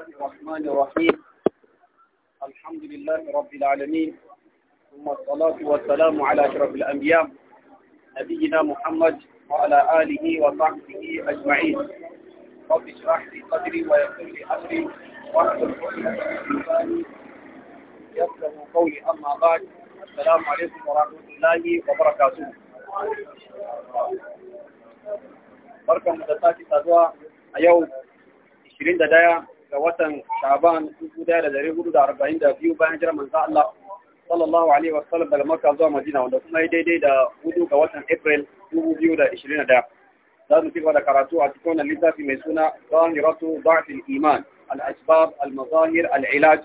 الله الرحمن الرحيم الحمد لله رب العالمين ثم الصلاة والسلام على أشرف الأنبياء نبينا محمد وعلى آله وصحبه أجمعين رب اشرح لي صدري ويسر لي أمري واحلل عقدة يفهم قولي أما بعد السلام عليكم ورحمة الله وبركاته بركة mu da اليوم 21 ga watan Shaban 1442 bayan jiran manzo Allah sallallahu alaihi wa sallam daga Makka zuwa Madina wanda kuma daidai da hudu ga watan April 2021 za mu ci da karatu a cikin wannan littafi mai suna Zahiratu Da'fil Iman Al-Asbab Al-Mazahir Al-Ilaj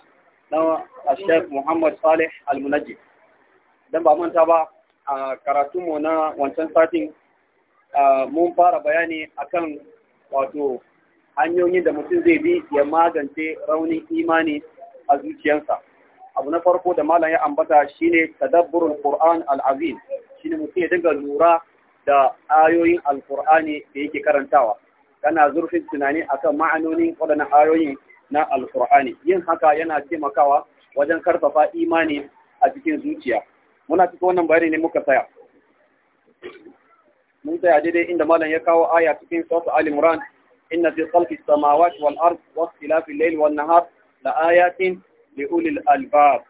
na Sheikh Muhammad Salih Al-Munajjid dan ba manta ba a mu na wancan satin mun fara bayani akan wato hanyoyin da mutum zai bi ya magance raunin imani a zuciyarsa abu na farko da malam ya ambata shine tadabburul qur'an al-azim shine mutum ya dinga lura da ayoyin Al-Qur'ani da yake karantawa kana zurfin tunani akan ma'anonin waɗannan ayoyin na Al-Qur'ani? yin haka yana taimakawa wajen karfafa imani a cikin zuciya muna cikin wannan bayani ne muka saya mun tsaya daidai inda malam ya kawo aya cikin sura al-imran إن في خلق السماوات والأرض واختلاف الليل والنهار لآيات لأولي الألباب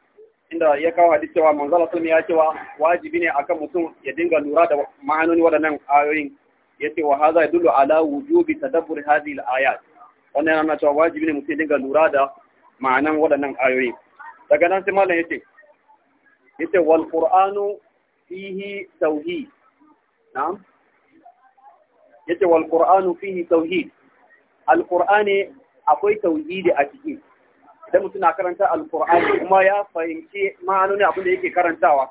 inda ya kawo hadisi cewa manzo Allah ya cewa wajibi ne akan mutum ya dinga lura da ma'anoni waɗannan ayoyin yace wa hadha yadullu ala wujubi tadabbur hadhihi al-ayat wannan yana cewa wajibi ne mutum ya dinga lura da waɗannan daga nan sai malam yace yace wal qur'anu fihi tauhid na'am yace wal qur'anu fihi tauhid alkur'ani akwai tauhidi a ciki idan mutum na karanta alkur'ani kuma ya fahimci ma'anoni abin da yake karantawa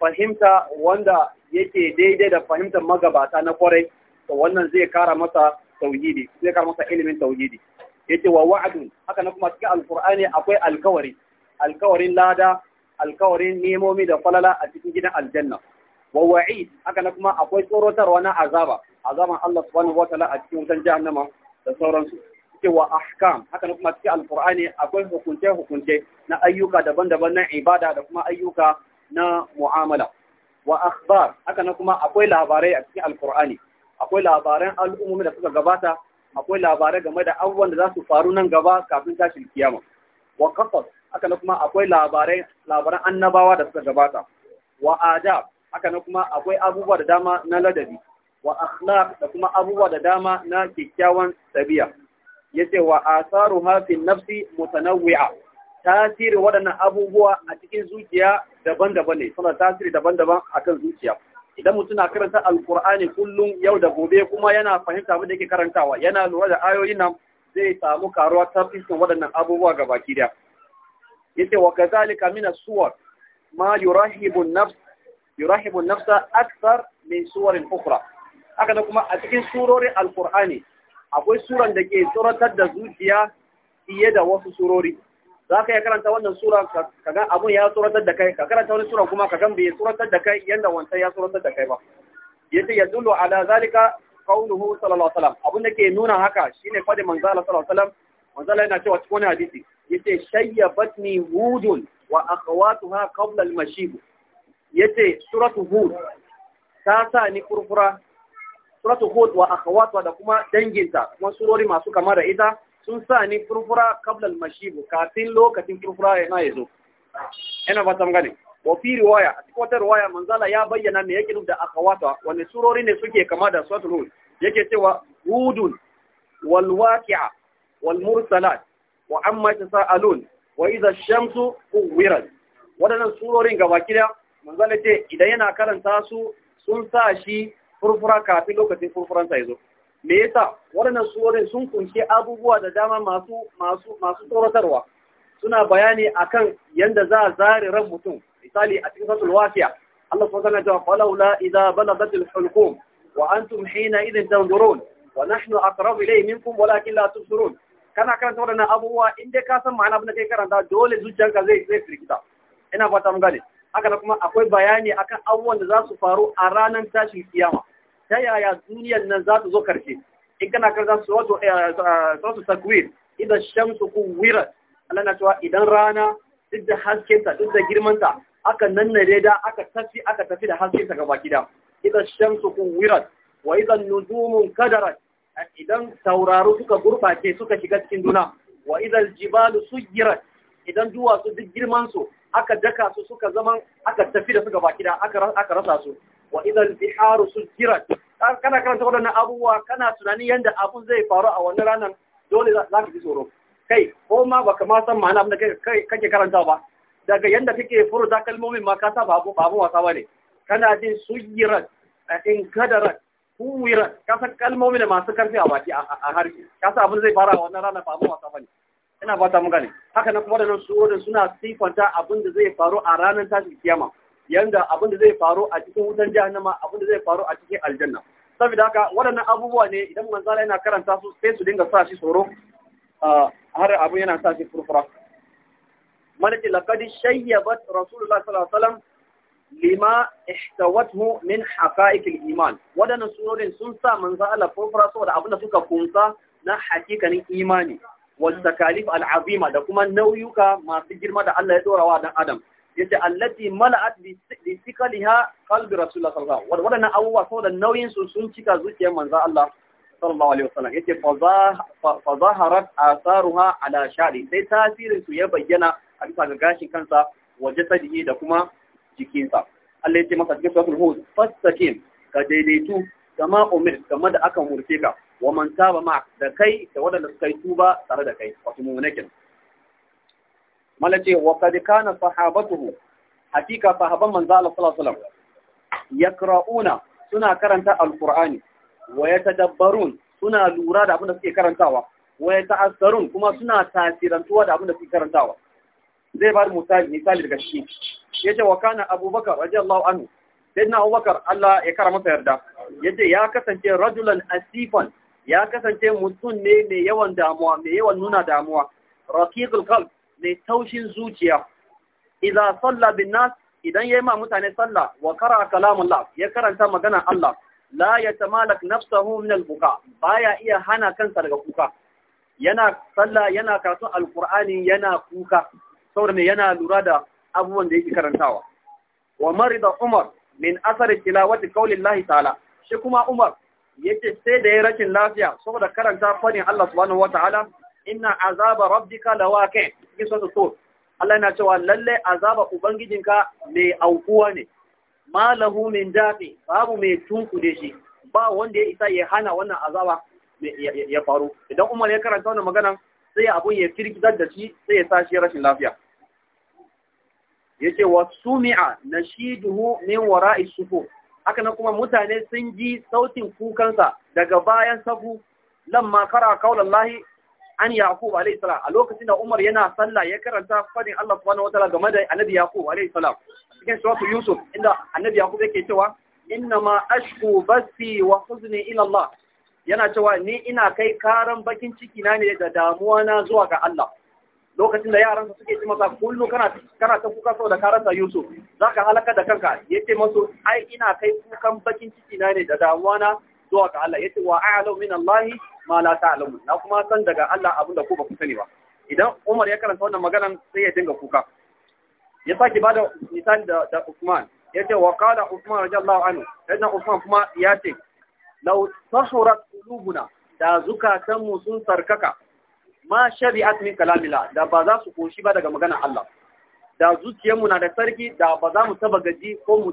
fahimta wanda yake daidai da fahimtar magabata na kwarai to wannan zai kara masa tauhidi zai kara masa ilimin tauhidi yace wa wa'adun haka na kuma cikin alqur'ani akwai alkawari alkawarin lada alkawarin nemomi da falala a cikin gidan aljanna wa wa'id haka na kuma akwai tsorotarwa na azaba azaban Allah subhanahu wataala a cikin wutan jahannama da sauransu suke wa ahkam haka na kuma cikin alkur'ani akwai hukunce hukunce na ayyuka daban-daban na ibada da kuma ayyuka na mu'amala wa akhbar haka na kuma akwai labarai a cikin alkur'ani akwai labaran al'ummomi da suka gabata akwai labarai game da abubuwan da za su faru nan gaba kafin tashin kiyama wa qasas haka na kuma akwai labarai labaran annabawa da suka gabata wa adab haka na kuma akwai abubuwa da dama na ladabi wa akhlaq da kuma abubuwa da dama na kyakkyawan ɗabi'a yace wa asaru hafin nafsi mutanawwi'a tasiri waɗannan abubuwa a cikin zuciya daban-daban ne suna tasiri daban-daban akan zuciya idan mutum na karanta alkur'ani kullum yau da gobe kuma yana fahimta abin da yake karantawa yana lura da ayoyin nan zai samu karuwa ta fiskin waɗannan abubuwa ga baki daya yace wa kazalika min as-suwar ma yurahibu an-nafs yurahibu an-nafsa akthar min suwarin ukhra haka na kuma a cikin surorin alkur'ani akwai suran da ke tsoratar da zuciya fiye da wasu surori za ka iya karanta wannan sura ka ga abun ya tsoratar da kai ka karanta wani sura kuma ka gan bai tsoratar da kai yanda wancan ya tsoratar da kai ba yace ya dullu ala zalika qawluhu sallallahu alaihi wasallam abun da ke nuna haka shine fadi manzo Allah sallallahu alaihi wasallam manzo Allah yana cewa cikin hadisi yace shayyabatni hudun wa akhawatuha qabla al-mashib yace suratu hud ta sa ni kurkura suratu hud wa akhawatwa da kuma danginta kuma surori masu kama da ita sun sa ni furfura kablal mashibu kafin lokacin furfura yana yazo ina ba san gani wa fi riwaya a cikin riwaya manzala ya bayyana me yake da akhawatwa wani surori ne suke kama da suratul hud yake cewa hudun wal waqi'a wal mursalat wa amma tasalun wa idha shamsu kuwirat wadannan surorin gaba kida manzala ce idan yana karanta su sun sa shi furfura kafin lokacin furfuransa ya zo me yasa waɗannan surorin sun kunshi abubuwa da dama masu masu masu tsoratarwa suna bayani akan yanda za a zare ran mutum misali a cikin suratul wasiya Allah subhanahu wa ta'ala qala la idza balagat hulqum wa antum hina idhin tanzurun wa nahnu aqrabu ilayhi minkum walakin la tubsirun kana karanta waɗannan abubuwa in dai ka san ma'ana abin da kai karanta dole zuciyanka zai zai firgita ina fata mun gane haka kuma akwai bayani akan abubuwan da za su faru a ranar tashin kiyama ta yaya duniyar nan za ta zo karshe in kana karanta suratu eh, suratu takwir idan shamsu kuwirat Allah na cewa idan rana duk da ta duk da ta, aka nannare da aka tafi aka tafi da ta gaba gida idan shamsu kuwirat wa idan nujumun kadarat idan tauraro suka gurbace suka shiga cikin duna wa idan jibalu sujirat idan duwatsu duk girman su aka daka su suka zama aka tafi da su gaba gida aka rasa su wa idan biharu sujirat kana karanta waɗannan abubuwa kana tunanin yadda abun zai faru a wani ranar dole za ka ji tsoro kai ko ma ka ma san ma'ana abin da kake karanta ba daga yadda kake furta kalmomin ma ka sa ba abun wasa ba ne kana jin sujirat in kadara kuwira ka san kalmomin masu karfi a baki a harshe ka san abin zai faru a wannan ranar ba abun wasa ba ne ina fata mu gane haka nan kuma da nan surorin suna sifanta abin da zai faru a ranar tashin kiyama yanda abin da zai faru a cikin wutan jahannama abin da zai faru a cikin aljanna saboda haka waɗannan abubuwa ne idan manzala yana karanta su sai su dinga sa shi tsoro har abin yana sa shi furfura malaki laqad shayyabat rasulullah sallallahu alaihi wasallam lima ihtawathu min haqa'iqil iman waɗannan surorin sun sa manzo Allah furfura saboda abin da suka kunsa na hakikanin imani wal takalif al azima da kuma nauyuka masu girma da Allah ya dorawa dan adam yace allati mala'at bi sikaliha qalbi rasulullah sallallahu alaihi wasallam wadannan abubuwa saboda nauyin su sun cika zuciyar manzo Allah sallallahu alaihi wasallam yace fa zaharat atharuha ala shari sai tasirin su ya bayyana a bisa ga gashin kansa wa jasadihi da kuma jikinsa Allah yace masa cikin suratul hud fastaqim ka daidaitu kama umir kama da aka murce ka wa man taba ma da kai da wadanda suka yi tuba tare da kai wato mu mala ce wa kad kana sahabatuhu hakika sahaban manzo Allah sallallahu alaihi wasallam yaqra'una suna karanta alqur'ani wa yatadabbarun suna lura da abin da suke karantawa wa yata'assarun kuma suna tasirantuwa da abin da suke karantawa zai ba misali misali daga shi yace wa kana abubakar radiyallahu anhu sayyidina abubakar Allah ya kara masa yarda yace ya kasance rajulan asifan ya kasance mutum ne mai yawan damuwa mai yawan nuna damuwa raqiqul qalb mai taushin zuciya Iza salla bin nas idan yayi ma mutane salla wa kalamun kalamullah ya karanta maganar Allah la malak nafsuhu min al-buka baya iya hana kansa daga kuka yana salla yana karatu alkur'ani yana kuka saboda yana lura da abubuwan da yake karantawa wa marida umar min athar tilawati qaulillahi ta'ala shi kuma umar yace sai da ya rashin lafiya saboda karanta fadin Allah subhanahu wataala inna azaba rabbika lawaqi kisa to Allah yana cewa lalle azaba ubangijinka mai aukuwa ne malahu min dafi babu mai da shi ba wanda ya isa ya hana wannan azaba ya faru idan Umar ya karanta wannan magana, sai abun ya firgitar da shi sai ya tashi rashin lafiya yace wa sumi'a nashiduhu min wara'i sufuf haka nan kuma mutane sun ji sautin kukansa daga bayan safu lamma kara kaulallahi an yaqub alayhi salam a lokacin da umar yana sallah ya karanta fadin Allah subhanahu wataala game da annabi yaqub alayhi salam cikin suratu yusuf inda annabi yaqub yake cewa innama ashku basi wa huzni ila Allah yana cewa ni ina kai karan bakin ciki na ne da damuwa na zuwa ga Allah lokacin da yaransa suke ci masa kullu kana kana ta kuka saboda karanta Yusuf zaka halaka da kanka yace masu ai ina kai kukan bakin ciki na ne da damuwa na zuwa ga Allah yace wa a'lamu min Allah ma la ta'lamu na kuma san daga Allah abin da ku ba ku sani ba idan Umar ya karanta wannan maganan sai ya dinga kuka ya saki bada misali da da Ya ce wa qala Usman, radiyallahu anhu sayyidina Usman kuma ya ce law sahurat qulubuna da zukatan mu sun sarkaka ma shari'at min kalamila da ba za su koshi ba daga maganar Allah da zuciyarmu na da sarki da ba za mu taba gaji ko mu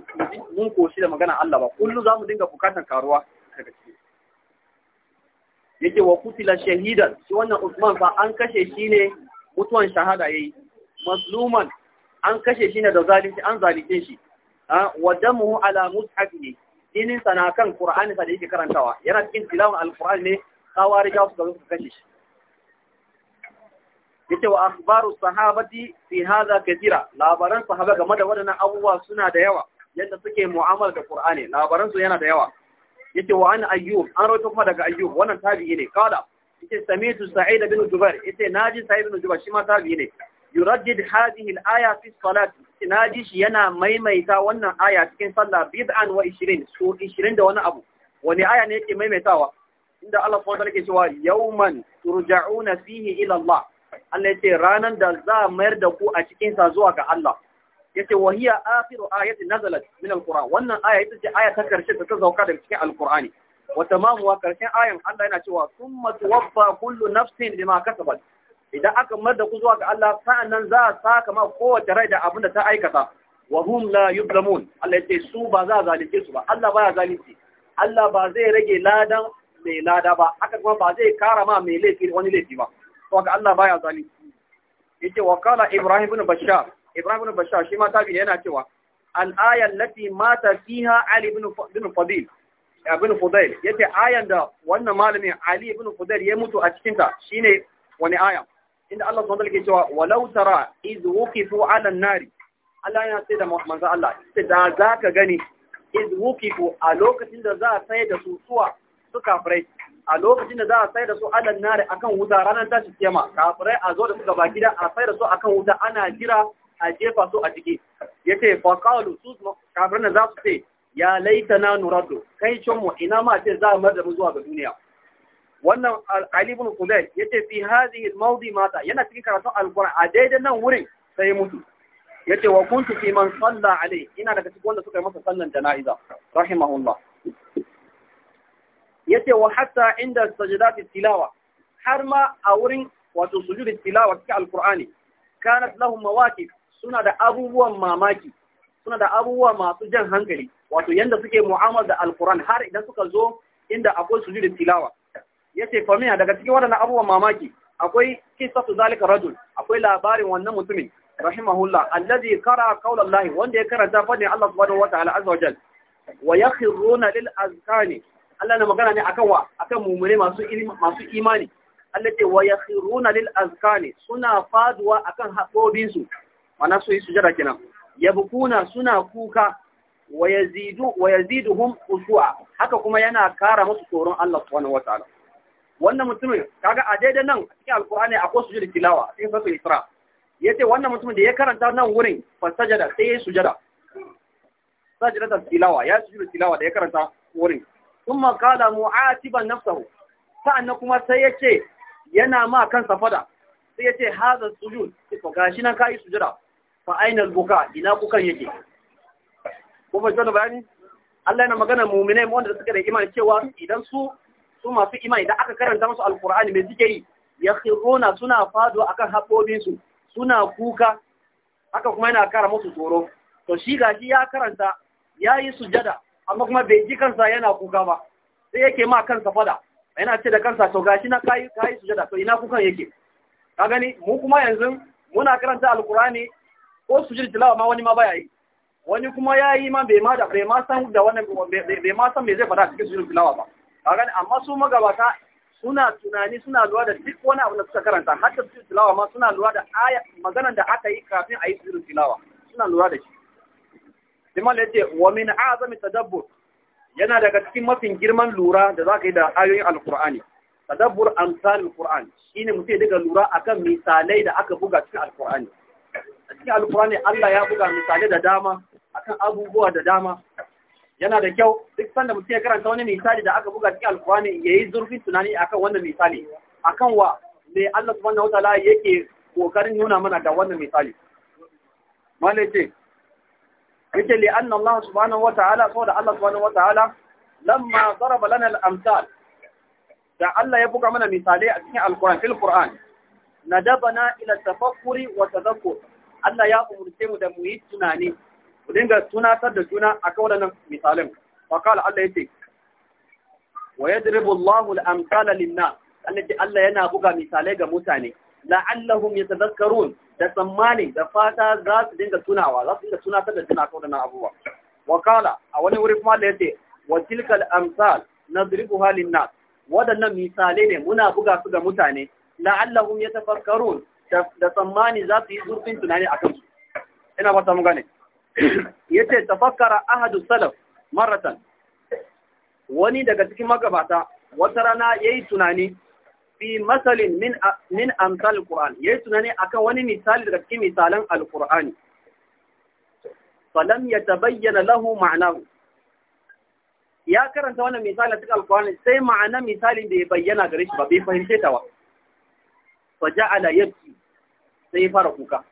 mun koshi da maganar Allah ba kullu za mu dinga bukatan karuwa daga ciki yake wa kutila shahidan shi wannan Usman fa an kashe shi ne mutuwan shahada yayi mazluman an kashe shi ne da zalunci an zalunce shi wa damuhu ala mushafihi dinin sana kan Qur'ani sa da yake karantawa yana cikin tilawan alqur'ani qurani ne khawarija su su kashe shi yace wa akhbaru sahabati fi hadha kathira labaran sahaba game da wadannan abubuwa suna da yawa yadda suke mu'amala da Qur'ani labaran su yana da yawa yace wa an ayyub an rawaito kuma daga ayyub wannan tabi'i ne kala yace samitu sa'id bin jubair yace naji sa'id bin jubair shi ma tabi'i ne yuraddid hadhihi al-aya fi salati naji shi yana maimaita wannan aya cikin sallah bid'an wa 20 so 20 da wani abu wani aya ne yake maimaitawa inda Allah subhanahu yake cewa yawman turja'una fihi ila Allah Allah yace ranan da za mayar da ku a cikin sa zuwa ga Allah yace wa hiya akhiru ayati nazalat min alquran wannan aya ita ce aya ta karshe da ta zauka daga cikin alqurani wa tamamu wa karshen ayan Allah yana cewa summa tuwaffa kullu nafsin bima kasabat idan aka mar da ku zuwa ga Allah sa'annan za a saka ma kowace rai da abin da ta aikata wa hum la yuzlamun Allah yace su ba za a zalunce su ba Allah baya zalunci Allah ba zai rage ladan mai lada ba Aka kuma ba zai kara ma mai laifi wani laifi ba to ga Allah baya zalunci yace wa qala ibrahim ibn bashar Ibrahim ibn Bashar shi ma tabi yana cewa al-aya allati mata fiha Ali ibn Fadil ibn Fudail yace ayan da wannan malamin Ali ibn Fudail ya mutu a cikin ta shine wani aya inda Allah subhanahu wa ta'ala ke cewa walau tara iz wuqifu 'ala an-nari Allah ya sai da manzo Allah da zaka gani iz wuqifu a lokacin da za a sai da su suwa su kafirai a lokacin da za a sai da su alal nare akan wuta ranar tashi kiyama kafirai a zo da su gaba gida a sai da su akan wuta ana jira a jefa su a ciki yace fa qalu su da za su ce ya laitana nuraddu kai cin mu ina ma ce za mu da mu zuwa ga duniya wannan Ali ibn ya ce fi hadhihi al mata yana cikin karatun al a daidai nan wurin sai mutu ce wa kuntu fi man salla alai ina daga cikin wanda suka yi masa sallan jana'iza rahimahullah ce wa hatta inda sajdat tilawa har ma a wurin wato sujud tilawa cikin al kanat lahum mawaqif suna da abubuwan mamaki suna da abubuwa masu jan hankali wato yanda suke mu'amala da alquran har idan suka zo inda akwai sujudin tilawa yace famiya daga cikin waɗannan abubuwan mamaki akwai qissatu zalika rajul akwai labarin wannan mutumin rahimahullah alladhi qara qawla Allah wanda ya karanta fadin Allah subhanahu wa ta'ala azza wa wa yakhruna lil azkani Allah na magana ne akan wa akan masu ilimi masu imani Allah ce wa yakhruna lil azkani suna faduwa akan haƙobinsu mana su yi sujada kenan yabkuna suna kuka wa yazidu wa yaziduhum khushu'a haka kuma yana kara musu tsoron Allah subhanahu wataala wannan mutumin kaga a daidai nan cikin alqur'ani akwai sujud tilawa cikin sura isra yace wannan mutumin da ya karanta nan wurin fa sajada sai yayi sujada sajada tilawa ya sujud tilawa da ya karanta wurin kuma kala mu'atiban nafsahu sa'annan kuma sai yace yana ma kansa fada sai yace hadha sujud sai gashi nan kai sujada fa aina buka ina kukan yake ko ba jona bayani Allah yana magana mu'minai wanda suka da imani cewa idan su su masu imani idan aka karanta musu alqur'ani me suke yi yakhiruna suna fado akan habbobin su suna kuka haka kuma yana kara musu tsoro to shi gashi ya karanta yayi sujada amma kuma bai ji kansa yana kuka ba sai yake ma kansa fada yana ce da kansa to gashi na kai kai sujada to ina kukan yake ka gani mu kuma yanzu muna karanta alqur'ani ko sujud tilawa ma wani ma baya yi wani kuma ya yi ma bai ma da bai ma san da wannan bai ma san me zai fara cikin sujud tilawa ba gani amma su magabata suna tunani suna lura da duk wani abu da suka karanta har da su tilawa ma suna lura da aya maganar da aka yi kafin a yi sujud tilawa suna lura da shi Liman ya ce, wa min azami tadabbur yana daga cikin mafin girman lura da za ka yi da ayoyin alkur'ani tadabbur amsalul qur'an shine mutum ya daga lura akan misalai da aka buga cikin alkur'ani a cikin alkurani Allah ya buga misali da dama akan abubuwa da dama yana da kyau duk sanda mutum ya karanta wani misali da aka buga cikin alkurani ya yi zurfin tunani akan wannan misali akan wa me Allah subhanahu wataala yake kokarin nuna mana da wannan misali malace yake li anna Allah subhanahu wataala saboda Allah subhanahu wataala lamma daraba lana al-amsal da Allah ya buga mana misalai a cikin alkurani fil qur'an nadabana ila tafakkuri wa tadhakkur Allah ya umurce mu da mu yi tunani ku dinga tunatar da juna a kan wannan misalin fa kala Allah yace wa yadribu Allahu al-amsala lin-nas Allah yana buga misalai ga mutane la'allahum yatadhakkarun da tsammani da fata za su dinga tunawa za su dinga tunatar da juna kan wannan abubuwa wa kala a wani wuri kuma Allah yace wa tilkal amsal nadribuha lin-nas wadannan misalai ne muna buga su ga mutane la'allahum yatafakkarun da tsammani za su yi zurfin tunani a kansu. ina ta mu gane yace tafakkara ahadu salaf maratan wani daga cikin magabata wata rana yayi tunani fi masalin min min amsal qur'an yayi tunani akan wani misali daga cikin misalan alqur'ani falam yatabayyana lahu ma'nahu ya karanta wannan misali cikin alqur'ani sai ma'ana misalin da ya bayyana gare shi ba bai fahimce ta ba fa yabki sai ya fara kuka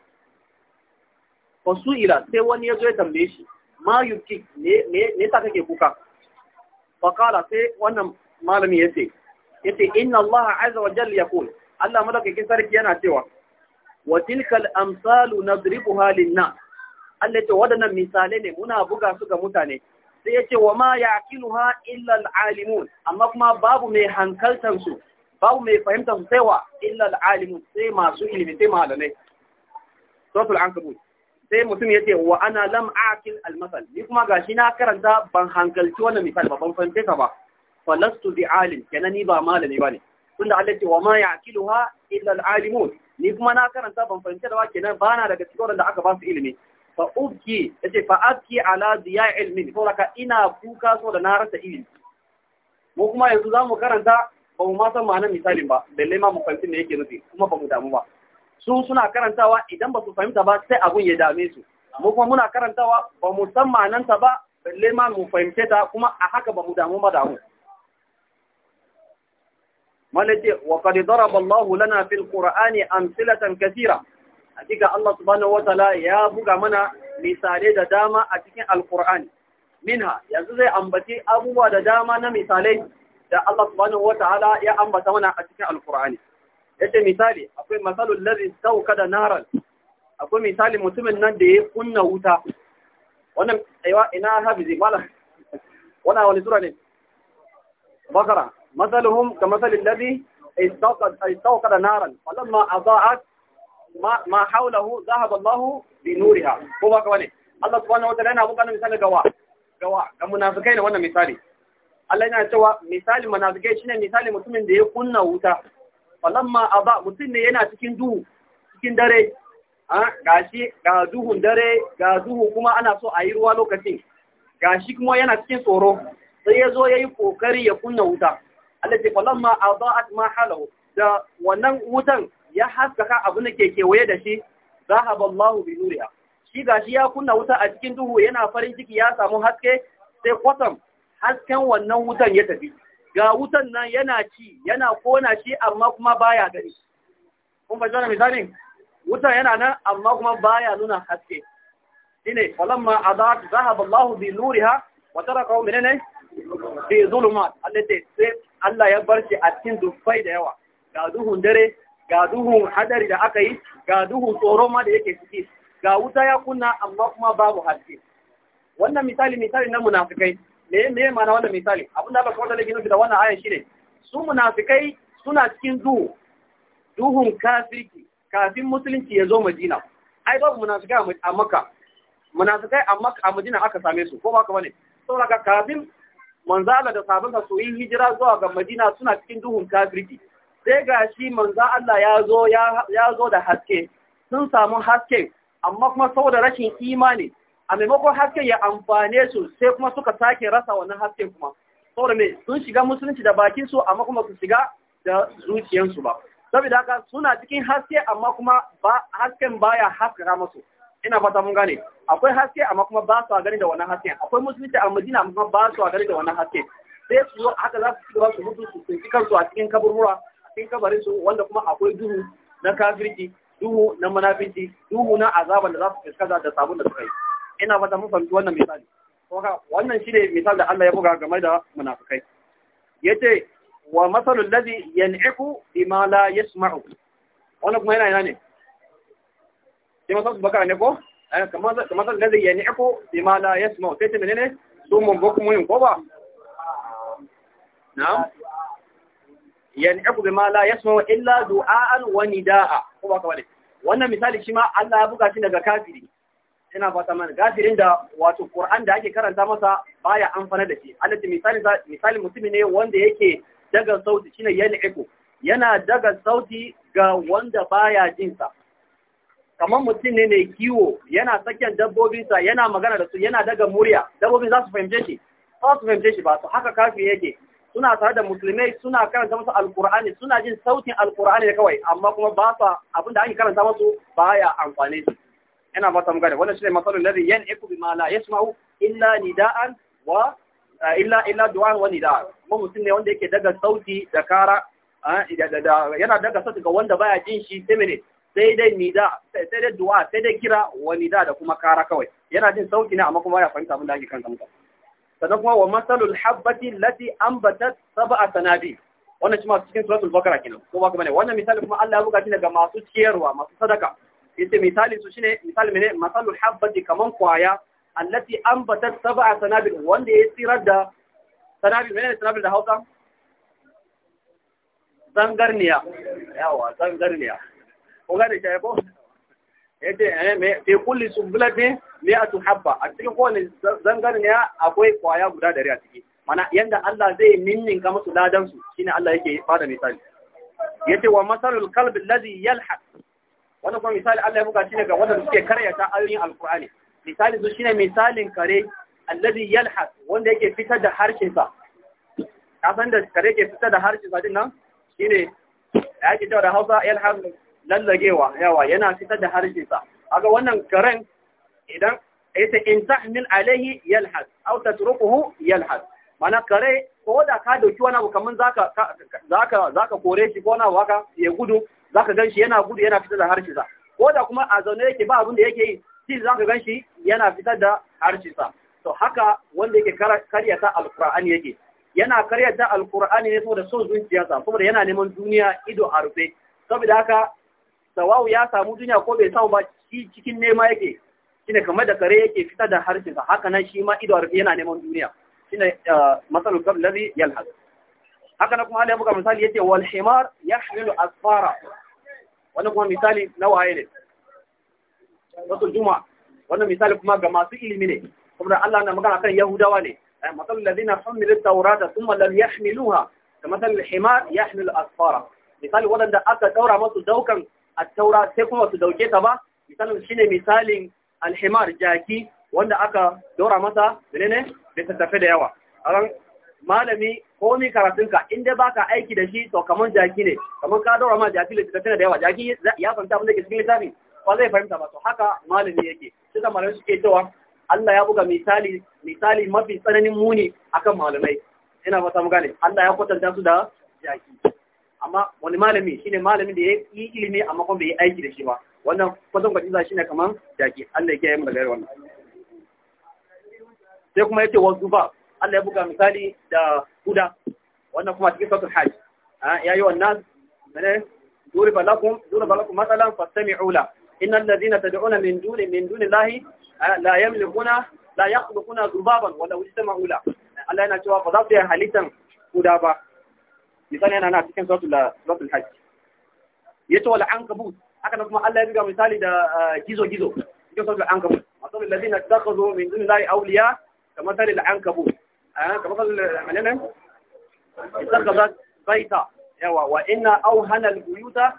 fa su'ila sai wani yazo ya tambaye shi ma yuki me ne yasa kake kuka fa qala sai wannan malami yace yace inna Allah azza wa jalla yaqul Allah madaukakin sarki yana cewa wa tilka al-amsalu nadribuha lin-nas Allah yace wadannan misalai ne muna buga su ga mutane sai yace wa ma yaqiluha illa al-alimun amma kuma babu mai hankaltar su babu mai fahimta su saiwa illa al'alimu sai masu ilimi sai malamai suratul ankabut sai mutum ya ce wa ana lam akil almasal ni kuma gashi na karanta ban hankalci wannan misal ba ban fahimce ka ba falastu bi alim kenan ni ba malami bane tunda Allah ce wa ma ya'kiluha illa alalimun ni kuma na karanta ban fahimce da ba kenan bana daga cikin da aka ba su ilimi fa ubki yace fa abki ala diya ilmin ko raka ina kuka so da na rasa ilimi mu kuma yanzu zamu karanta ba mu ma san ma'anar misalin ba balle ma mu fahimci me yake nufi kuma ba mu damu ba su suna karantawa idan ba su fahimta ba sai abun ya dame su mu kuma muna karantawa ba mu san ma'ananta ba balle ma mu fahimce ta kuma a haka ba mu damu ba damu malaje wa qad daraba Allah lana fil qur'ani amsalatan kathira hakika Allah subhanahu ta'ala ya buga mana misalai da dama a cikin alqur'ani minha yanzu zai ambaci abubuwa da dama na misalai da Allah subhanahu wataala ya ambata mana a cikin alkur'ani yace misali akwai masalul ladhi da naran akwai misali mutumin nan da ya kunna wuta wannan aiwa ina habizi mala wana wani sura ne bakara masaluhum ka masalil ladhi istawqada naran falamma adaa'at ma ma hawlahu dhahaba Allah bi nuriha ko ba ka wani Allah subhanahu wataala yana buƙatar misali gawa gawa ga munafikai ne wannan misali Allah yana cewa misali munafikai shine misali mutumin da ya kunna wuta falamma aba mutum ne yana cikin duhu cikin dare gashi ga duhun dare ga duhu kuma ana so a yi ruwa lokacin gashi kuma yana cikin tsoro sai ya zo ya yi kokari ya kunna wuta Allah ce falamma at ma halahu da wannan wutan ya haskaka abu ne ke kewaye da shi zahaba Allahu bi nuriha shi gashi ya kunna wuta a cikin duhu yana farin ciki ya samu haske sai kwatam hasken wannan wutan ya tafi ga wutan nan yana ci yana kona shi amma kuma baya gani kun fahimta da misali wutan yana nan amma kuma baya nuna haske shine falamma azat zahaba Allah bi nuriha wa tarakahu minne bi zulumat allati sai Allah ya bar a cikin dufai da yawa ga duhun dare ga duhun hadari da aka yi ga duhun tsoro ma da yake ciki ga wuta ya kunna amma kuma babu haske wannan misali misali na munafikai me me ma'ana wannan misali abinda Allah subhanahu wa ta'ala da wannan aya shine su munafikai suna cikin duhu duhun kafirki kafin musulunci ya zo Madina ai babu munafikai a Makka munafikai a Makka a Madina aka same su ko ba ka bane saboda kafin Allah da sabon su yi hijira zuwa ga Madina suna cikin duhun kafirki sai ga shi manza Allah ya zo ya zo da haske sun samu haske amma kuma saboda rashin imani a maimakon hasken ya amfane su sai kuma suka sake rasa wannan hasken kuma saboda me sun shiga musulunci da bakin su amma kuma su shiga da zuciyansu ba saboda haka suna cikin haske amma kuma ba hasken baya haskara musu ina fata mun gane akwai haske amma kuma ba su gani da wannan hasken akwai musulunci a Madina amma kuma ba su gani da wannan hasken sai su zo haka za su ci su mutu su tsinci kansu a cikin kaburbura a cikin kabarin su wanda kuma akwai duhu na kafirci duhu na munafici duhu na azaban da za su fuskanta da sabon da suka yi ina fata mun fahimci wannan misali ka wannan shine misali da Allah ya buga game da munafikai yace wa masalul ladhi yan'iku bima la yasma'u wannan kuma yana yana ne sai masalul baka ne ko eh, kamar masalul ladhi yan'iku bima la yasma'u sai ta menene su mun boku mun ko ba na'am yan'iqu bima la yasma'u illa du'a wa nida'a ko ba ka bane wannan misali shi ma Allah ya buga shi daga kafiri ina fata mana gafirin da wato Qur'an da ake karanta masa baya amfana da shi alati misali misali mutumi ne wanda yake daga sauti shine yal'iku yana daga sauti ga wanda baya jin sa kamar mutum ne mai kiwo yana sakin dabbobinsa yana magana da su yana daga murya dabbobin za su fahimce shi ba su fahimce shi ba To haka kafi yake suna tare da musulmai suna karanta masa alkur'ani suna jin sautin alkur'ani kawai amma kuma ba sa abinda ake karanta musu baya amfane su ina ba ta magana wannan shine da ladhi yan'iku bima la yasma'u illa nida'an wa illa illa du'an wa nida'a kuma mutum ne wanda yake daga sauti da kara yana daga sauti ga wanda baya jin shi sai sai dai nida sai dai du'a sai dai kira wa nida da kuma kara kawai yana jin sauti ne amma kuma ya fahimta abin da ake kansa mutum sannan kuma wa masalul habbati lati ambatat sab'a sanabi wannan shi masu cikin suratul bakara kenan ko ba kuma ne wannan misali kuma Allah ya buga shi daga masu ciyarwa masu sadaka yace misali su shine misali mene masalul habbati kaman kwaya allati ambatat sab'a sanabil wanda ya tsirar da sanabil mene sanabil da Hausa zangarniya yawa zangarniya ko ga da shi ko yace eh me fi kulli sumbulatin mi'atu habba a cikin kowane zangarniya akwai kwaya guda dari a ciki mana yanda Allah zai ninninka musu ladan su shine Allah yake bada misali yace wa masalul kalbi alladhi yalhaq wannan kuma misali Allah ya buga shi ne ga wanda suke karyata ayoyin alkur'ani misali su shine misalin kare alladhi yalhas wanda yake fitar da harshen sa ka san da kare yake fitar da harshen sa din nan shine da yake cewa da Hausa yalhas lallagewa yawa yana fitar da harshen sa kaga wannan karen idan ita eh, in tahmil alaihi yalhas aw tatrukuhu yalhas mana kare ko da ka dauki wani abu kaman zaka zaka zaka kore shi ko na waka ya gudu za ka gan shi yana gudu yana fitar da harshensa ko da kuma a zaune yake ba abin da yake yi shi za ka gan shi yana fitar da harshensa to haka wanda yake karyata alkur'ani yake yana karyata alkur'ani ne saboda son zuciyarsa saboda yana neman duniya ido a rufe saboda haka sawawu ya samu duniya ko bai samu ba shi cikin nema yake shine kamar da kare yake fitar da harshensa haka nan shi ma ido a rufe yana neman duniya shine uh, masalul kabl ladhi yalhaq haka na kuma Allah ya buga misali yace wal himar yahmilu asfara wani kuma misali na waye ne wasu juma wani misali kuma ga masu ilimi ne kuma Allah na magana kan yahudawa ne مثل الذين حملوا التوراة ثم لم يحملوها كمثل ya يحمل asfara misali waɗanda aka daura masu daukan taura sai kuma su dauke ta ba misalin shine misalin alhimar jaki wanda aka daura masa menene ta tafi da yawa aran malami Komi karatunka in dai baka aiki da shi to kamar jaki ne kamar ka daura ma jaki ne tana da yawa jaki ya fahimta abin da ke cikin littafi ba zai fahimta ba to haka malami yake shi da malami suke cewa Allah ya buga misali misali mafi tsananin muni akan malamai ina fata mu gane Allah ya kwatanta su da jaki amma wani malami shine malamin da ya yi ilimi amma kuma bai yi aiki da shi ba wannan kwatan kwatin shine kamar jaki Allah ya kiyaye mu gari wannan sai kuma yake wasu ba Allah ya buga misali da Kuda, wannan kuma cikin sautin hajj ah, ya yi wannan mene duriba lakum duriba lakum matsalan fastami'u la innal ladina tad'una min duni min duni lahi ah, la yamlikuna la yakhluquna dhubaban wala ijtama'u la Allah yana cewa ba za su yi halittan huda ba misali yana na cikin sautul ah, sautul hajj yace wala ankabut haka kuma Allah ya buga misali da gizo gizo cikin sautul ankabut masalul ladina takhadhu min duni lahi awliya kama talil ankabut kamar menene ittakhadhat baita yawa wa inna awhana albuyuta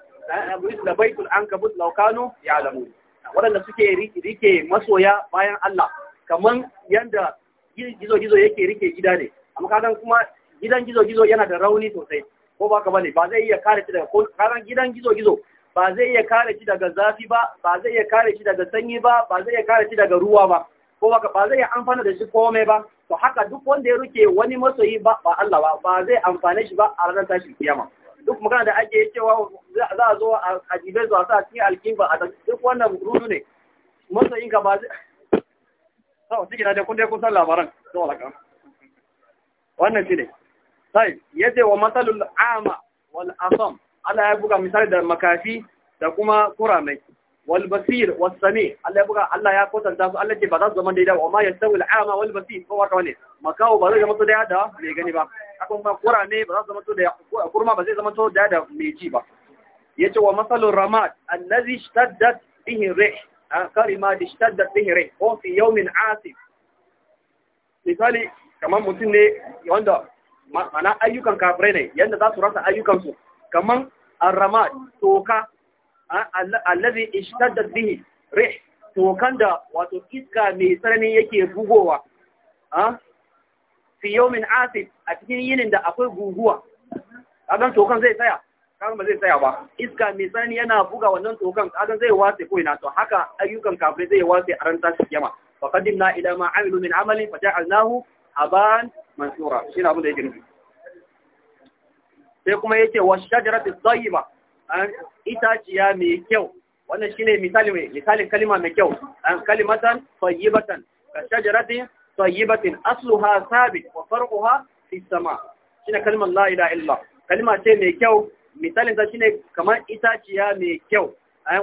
da baitul ankabut law kanu ya'lamun waɗanda suke rike masoya bayan Allah kaman yanda gizo-gizo yake rike gida ne amma kagan kuma gidan gizo-gizo yana da rauni sosai ko ba ka bane ba zai iya kare shi daga ko kagan gidan gizo-gizo ba zai iya kare shi daga zafi ba ba zai iya kare shi daga sanyi ba ba zai iya kare shi daga ruwa ba ko baka ba zai amfana da shi komai ba to haka duk wanda ya ruke wani masoyi ba ba Allah ba ba zai amfane shi ba a ranar tashin kiyama duk magana da ake cewa za a zo a jibe zuwa sa cikin alkimba a duk wannan rudu ne masoyin ka ba zai sau cikin da kun dai kun san labaran to alaka wannan shi ne sai yace wa masalul ama wal asam Allah ya buga misali da makafi da kuma kuramai wal basir was sami Allah ya buga Allah ya su Allah ce ba za su zama daidai ba amma yastawi al ama wal basir ko waka wane makawo ba zai zama to daya da gani ba akan ma kura ne ba za su zama to da kurma ba zai zama to daya da mai ji ba yace wa masalur ramad allazi ishtaddat bihi rih kalima da ishtaddat bihi rih yawmin asif misali mutum ne mana ayyukan kafirai yadda za su rasa ayyukansu kamar arramad toka allazi ishtaddat bihi rih tokan da wato iska mai tsanani yake bugowa fi yawmin asif a cikin yinin da akwai guguwa kagan tokan zai tsaya kagan ba zai tsaya ba iska mai tsanani yana buga wannan tokan kagan zai wase ko ina to haka ayyukan kafirai zai wase a ran tashi kiyama fa qadimna ila ma amilu min amalin fa ja'alnahu aban mansura shine abin da yake nufi sai kuma yake wa shajaratu tayyiba itaciya mai kyau wannan shine misali mai misalin kalima mai kyau an kalimatan tayyibatan ka shajaratin tayyibatin asluha sabit wa farquha fi sama shine kalmar la ila illa kalima ce mai kyau misalin ta shine kamar itaciya mai kyau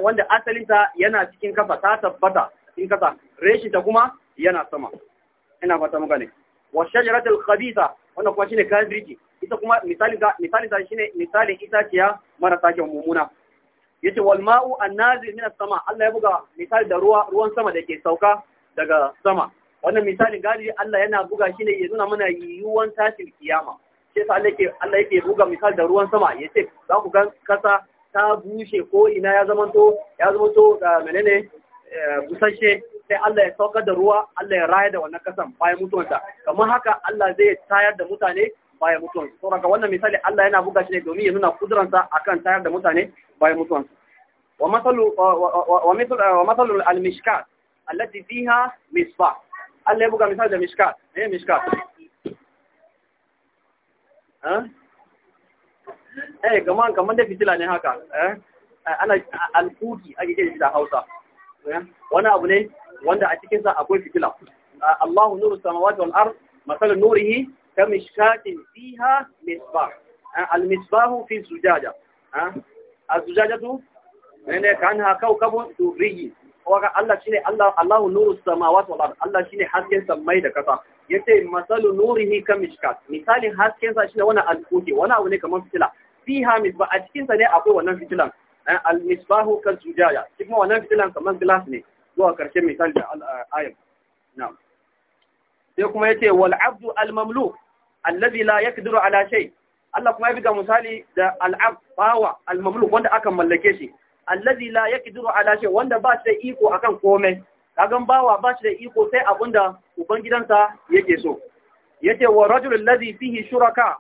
wanda asalin ta yana cikin kafa ta tabbata cikin kasa reshi ta kuma yana sama ina fata muka ne wa shajaratul khabitha wannan kuma shine kafirci ita kuma misali ta shine misalin itaciya marasa kyau mumuna yace wal ma'u annazil min sama Allah ya buga misali da ruwa ruwan sama da ke sauka daga sama wannan misalin gari Allah yana buga shi ne ya nuna mana yiwuwan tashin kiyama sai sa Allah yake Allah yake buga misali da ruwan sama yace za ku gan kasa ta bushe ko ina ya to ya to da menene eh, busashe sai Allah ya saukar da ruwa Allah ya raya da wannan kasan bayan mutuwanta kamar haka Allah zai tayar da mutane baya mutuwan saboda wannan misali Allah yana buga shi ne domin ya nuna a akan tayar da mutane baya mutuwan su wa masalu wa masalu al-mishkat allati fiha misbah Allah ya buga misali da mishkat eh mishkat eh eh kaman da fitila ne haka eh ana al kuki ake kira da Hausa eh? wani abu ne wanda a cikinsa akwai fitila Allahu nuru samawati wal ard masalan nurihi ka fiha misbah al-misbahu fi zujaja az-zujajatu ne kanha kawkabun durri waka Allah shine Allah Allahu nuru samawati wal ard Allah shine hasken samai da kasa yace masalu nurihi ka misali hasken sa shine wannan al-kuti wannan abu ne kamar fitila fiha misbah a cikin sa ne akwai wannan fitilan al-misbahu kan zujaja kuma wannan fitilan kamar glass ne zuwa karshen misali da al-ayat na'am sai kuma yace wal abdu al allazi la Allah kuma ya buga misali da al bawa wanda aka mallake shi allazi la yaqdiru ala wanda ba shi da iko akan komai kagan bawa ba shi da iko sai abinda gidansa yake so yace wa rajul allazi fihi shuraka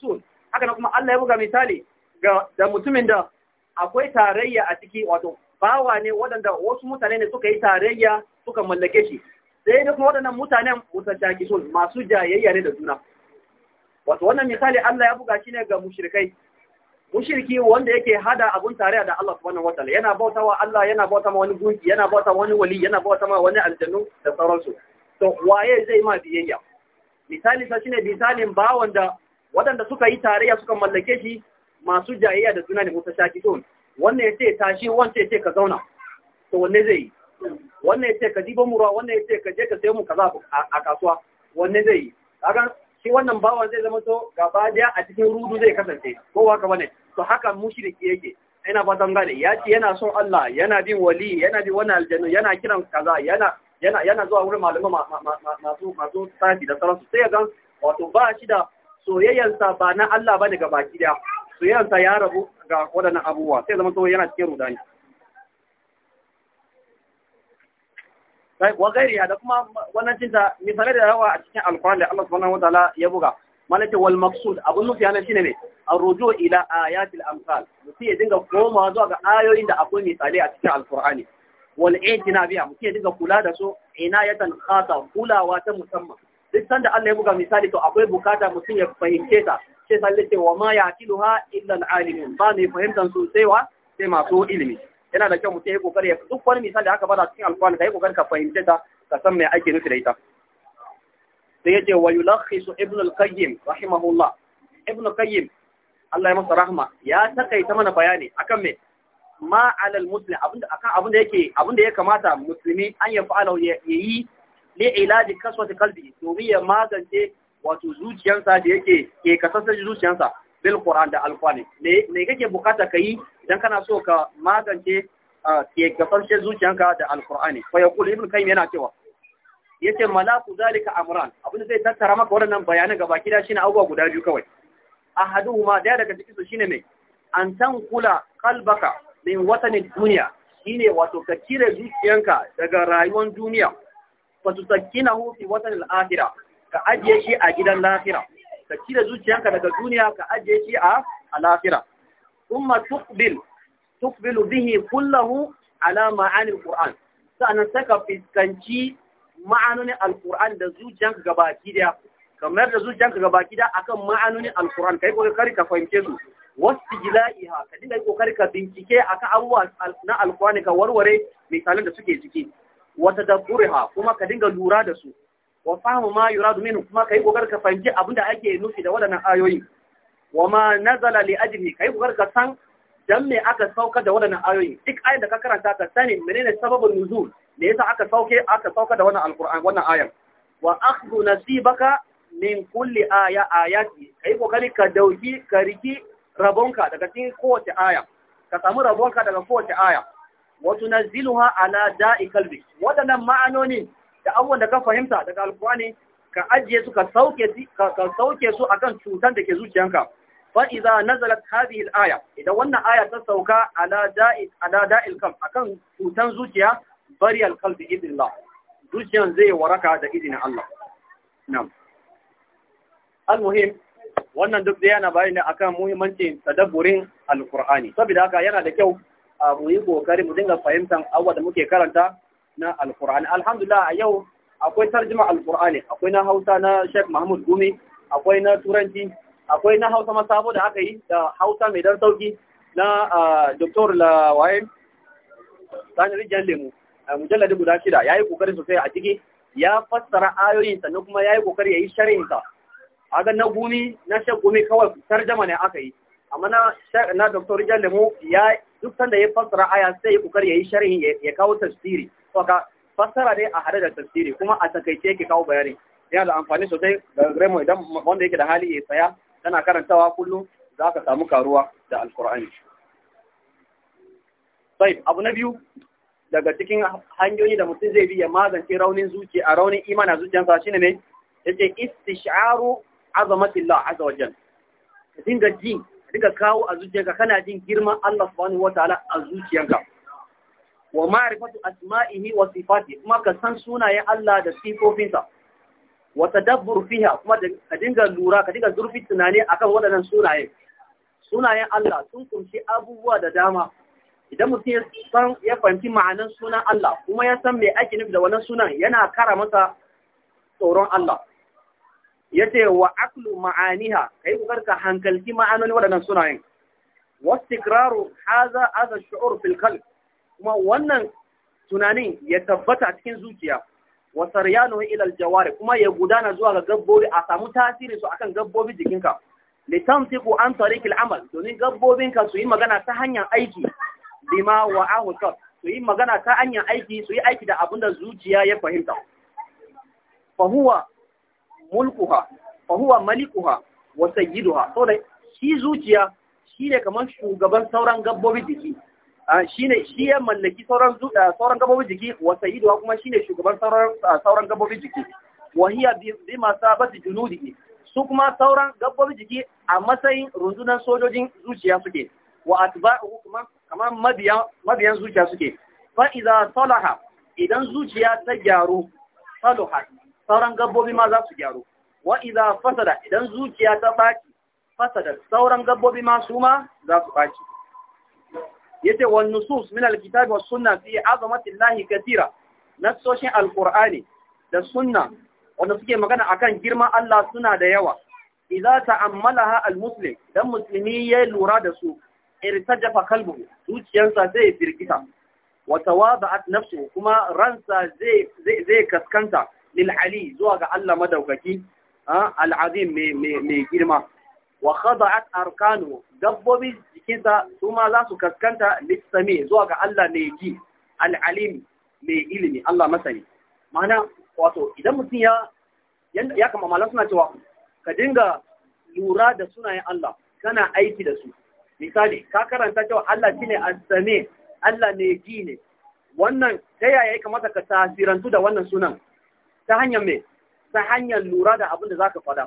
sun. haka kuma Allah ya buga misali ga da mutumin da akwai tarayya a ciki wato bawa ne waɗanda wasu mutane ne suka yi tarayya suka mallake shi sai da kuma waɗannan mutanen sun, masu jayayya ne da juna wato wannan misali Allah ya buga shi ne ga mushrikai mushriki wanda yake hada abun tare da Allah subhanahu wataala yana bauta wa Allah yana bauta ma wani gunki yana bauta wani wali yana bauta ma wani aljannu da sauransu to waye zai ma biyayya misali sa shine misalin bawon da waɗanda suka yi tarayya suka mallake shi masu jayayya da juna ne sun. wannan ya ce tashi wancan ya ce ka zauna to wanne zai yi wannan ya ce ka diba mura wannan ya ce ka je ka sayo mu kaza a kasuwa wanne zai yi kaga shi wannan bawan zai zama to gaba daya a cikin rudu zai kasance ko haka bane to haka ke yake ina fatan gane ya ce yana son Allah yana bin wali yana bin wannan aljanu, yana kiran kaza yana yana yana zuwa wurin malamai masu masu tafi da sauransu sai ya ga wato ba shi da soyayyarsa ba na Allah bane ga baki daya soyayyarsa ya rabu ga waɗannan abubuwa sai zama to yana cikin rudani wa gairiya da kuma wannan cinta misali da yawa a cikin alkur'an da Allah subhanahu ya buga malaka wal abun nufi ana shine ne arruju ila ayatil amsal mutum ya dinga komawa zuwa ga ayoyin da akwai misali a cikin alkur'ani wal ijtina biya mutum ya dinga kula da su inayatan khata kulawa ta musamman duk sanda Allah ya buga misali to akwai bukata mutum ya fahimce ta sai sallace wa ma yaqiluha illa al ba mai fahimtan su wa sai masu ilimi yana da kyau mutum ya kokari ya duk wani misali da aka bada cikin ka yi kokari ka fahimce ta ka san me ake nufi da ita sai yace wa yulakhisu ibn al-qayyim rahimahullah ibn qayyim Allah ya masa rahma ya takaita mana bayani akan me ma al muslim abinda akan abinda yake abinda ya kamata musulmi an ya fa'ala ya yi li ilaji kaswati qalbi domin ya magance wato zuciyarsa da yake ke kasasar zuciyarsa bil qur'an da alqur'ani me me kake bukata kai dan kana so ka magance ke gafarshe zuciyanka da alkur'ani fa yaqul ibn kayyim yana cewa yace malaku zalika amran abin da zai tattara maka waɗannan bayanan gaba kida shine abuwa guda biyu kawai ahaduhuma daya daga cikin su shine mai an tankula qalbaka min watanin duniya shine wato ka cire zuciyanka daga rayuwar duniya fa hu fi watanil akhirah ka ajiye shi a gidan lafira ka cire zuciyanka daga duniya ka ajiye shi a lafira ثم تقبل تقبل به كله على معاني القرآن sannan saka fiskanci ma'anonin alkur'an da zuciyanka gabaki daya kamar da zuciyanka gabaki daya akan ma'anonin alkur'an kai kokari ka fahimce su wasu jila'iha ka dinga yi kokari ka bincike akan abubuwa na alkur'an ka warware misalan da suke ciki wata ha, kuma ka dinga lura da su wa fahimu ma yuradu domin kuma ka yi kokari ka fahimci abin da ake nufi da waɗannan ayoyin. wa ma nazala li ajli kai kokar ka san dan me aka sauka da wannan ayoyi duk ayin da ka karanta ka sani menene sababin nuzul me yasa aka sauke aka sauka da wannan alquran wannan ayar wa akhdhu nasibaka min kulli aya ayati kai kokari ka dauki ka riki rabonka daga cikin kowace aya ka samu rabonka daga kowace aya wa tunazziluha ala da'i kalbi wadannan ma'anoni da abubuwan da ka fahimta daga alqurani ka ajiye su ka sauke su akan cutan da ke zuciyanka fa'iza nazalat hadhihi al-aya idan wannan aya ta sauka ala da'i ala da'il qalb akan cutan zuciya bari al-qalb bi idnillah zai waraka da idinin Allah na'am al-muhim wannan duk da yana bayani ne akan muhimmancin tadabburin al-qur'ani saboda haka yana da kyau a mu yi kokari mu dinga fahimtar awwa da muke karanta na al-qur'ani alhamdulillah a yau akwai tarjuma al-qur'ani akwai na Hausa na Sheikh Mahmud Gumi akwai na Turanci akwai na hausa ma sabo da aka yi da hausa mai dan sauki na doktor lawaye sani rijiyar lemu a mujalladin guda shida ya yi kokari sosai a ciki ya fassara ayoyin sannan kuma ya yi kokari ya yi shari'insa a ga na gumi na shan gumi kawai tarjama ne aka yi amma na na doktor rijiyar lemu ya duk sanda ya fassara aya sai ya kokari ya yi sharhin ya kawo tafsiri to ka fassara dai a hada da tafsiri kuma a takaice yake kawo bayani yana da amfani sosai ga gremo idan wanda yake da hali ya saya kana karantawa kullum za ka samu karuwa da alkur'ani sai abu na biyu daga cikin hanyoyi da mutum zai bi ya magance raunin zuciya a raunin imana zuciyarsa shine ne yace istisharu azamatillah azza wajal ka dinga ji dinga kawo a zuciyarka kana jin girman Allah subhanahu wataala a zuciyarka wa ma'rifatu asma'ihi wa sifatihi kuma ka san sunayen Allah da sifofinsa wata dabbur fiha kuma ka dinga lura ka dinga zurfi tunani akan waɗannan sunaye sunayen Allah sun kunshi abubuwa da dama idan mutum ya san ya fahimci ma'anan sunan Allah kuma ya san me ake nufi da wannan sunan yana kara masa tsoron Allah yace wa aklu ma'aniha kai kokar ka hankalci ma'anonin waɗannan sunayen wastikraru haza hadha shu'ur fil qalb kuma wannan tunanin ya tabbata cikin zuciya wa saryanu ila aljawari kuma ya gudana zuwa ga gabbobi a samu tasiri su akan gabbobi jikinka litamtiqu an tariq al'amal domin gabbobinka su yi magana ta hanyar aiki bima wa ahusab su yi magana ta hanyar aiki su yi aiki da abinda zuciya ya fahimta fahuwa mulkuha fahuwa malikuha wa sayyiduha to da shi zuciya shi ne kamar shugaban sauran gabbobin jiki Ah, shine shi ya mallaki sauran ah, sauran gabobin jiki wa sayyiduha kuma shine shugaban sauran ah, sauran gabobin jiki wa hiya bi sabati junudi su kuma sauran gabobin jiki a matsayin rundunar sojojin zuciya suke wa atba'uhu kuma kama mabiyan mabiyan zuciya suke fa idza salaha idan zuciya ta gyaru salaha sauran gabobi ma za su gyaru wa idza fasada idan zuciya ta baki fasada sauran gabobi ma su ma za su baki yace wan nusus min alkitabi was sunna fi azamati llahi katira nassoshin alqur'ani da sunna wanda suke magana akan girman Allah suna da yawa idza ta'ammalaha almuslim dan muslimi ya lura da su irtajafa qalbuhu zuciyarsa zai firgita wa tawada'at nafsuhu kuma ransa zai zai kaskanta lil ali zuwa ga Allah madaukaki alazim mai girma wa khada'at arkanu dabbobi jikinsa su ma za su kaskanta lissami zuwa ga Allah mai ji al'alim mai ilimi Allah masani mana wato idan mutum ya ya kama malam suna cewa ka dinga lura da sunayen Allah kana aiki da su misali ka karanta cewa Allah shine as-sami Allah ne ji ne wannan ta yaya ya kamata ka tasirantu da wannan sunan ta hanyar me ta hanyar lura da abin da zaka faɗa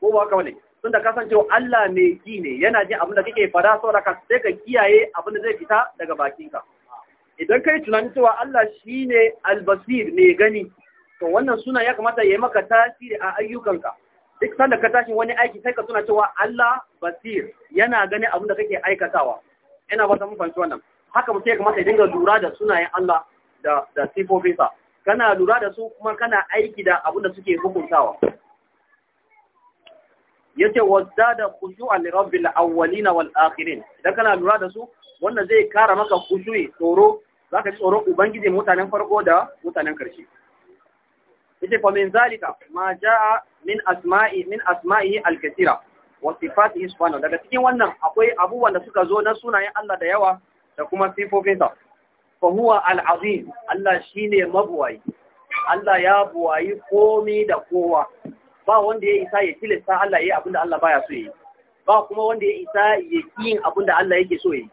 ko ba haka bane tun da kasancewa Allah mai ji ne yana jin abin da kake fada saboda ka sai ka kiyaye abin da zai fita daga bakinka idan kai tunanin cewa Allah shine albasir mai gani to wannan suna ya kamata ya yi maka tasiri a ayyukanka duk sanda ka tashi wani aiki sai ka suna cewa Allah basir yana gani abin kake aikatawa ina ba ta mun wannan haka mutum ya kamata ya dinga lura da sunayen Allah da da sifofinsa kana lura da su kuma kana aiki da abin suke hukuntawa yace wazada khushu'an li rabbil awwalin wal akhirin idan kana lura da su wannan zai kara maka khushu'i tsoro zaka ji tsoro ubangiji mutanen farko da mutanen karshe yace fa min zalika ma jaa min asma'i min asma'ihi al-kathira wa sifatihi subhanahu daga cikin wannan akwai abubuwan da suka zo na sunayen Allah da yawa da kuma sifofinsa fa huwa al-azim Allah shine mabuwayi Allah ya buwayi komi da kowa ba wanda ya isa ya tilasta Allah ya yi abinda Allah baya so yi. ba kuma wanda ya isa ya yin abinda Allah yake so yi.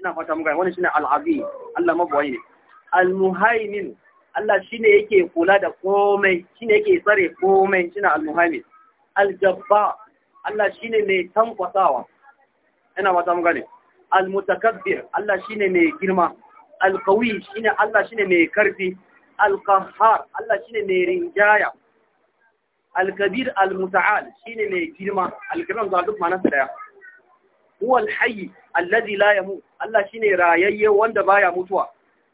ina fata muka Wani shine al-azim Allah mabawai ne al-muhaimin Allah shine yake kula da komai shine yake tsare komai shine al-muhaimin al-jabba Allah shine mai tankwasawa ina fata muka ne al-mutakabbir Allah shine mai girma al-qawi shine Allah shine mai karfi al-qahhar Allah shine mai rinjaya al-kabir al-muta'al shine mai girma al-kiram za duk manasa daya huwa al-hayy alladhi la yamut Allah shine rayayye wanda baya mutuwa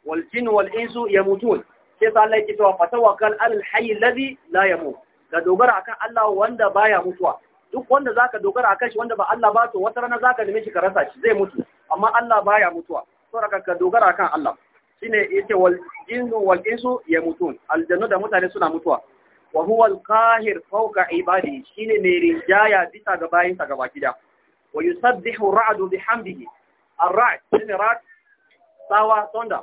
wal jin wal insu yamutun sai sa Allah yake cewa fatawakkal al-hayy alladhi la yamut ka dogara akan Allah wanda baya mutuwa duk wanda zaka dogara akan shi wanda ba Allah ba to wata rana zaka nemi shi ka rasa shi zai mutu amma Allah baya mutuwa raka ka dogara akan Allah shine yace wal jinnu wal insu yamutun aljanna da mutane suna mutuwa wa huwal al-qahir fawqa ibadihi shine mai rinjaya bisa ga bayinsa gaba gida wa yusabbihu ra'du bihamdihi ar-ra'd shine ra'd sawa tonda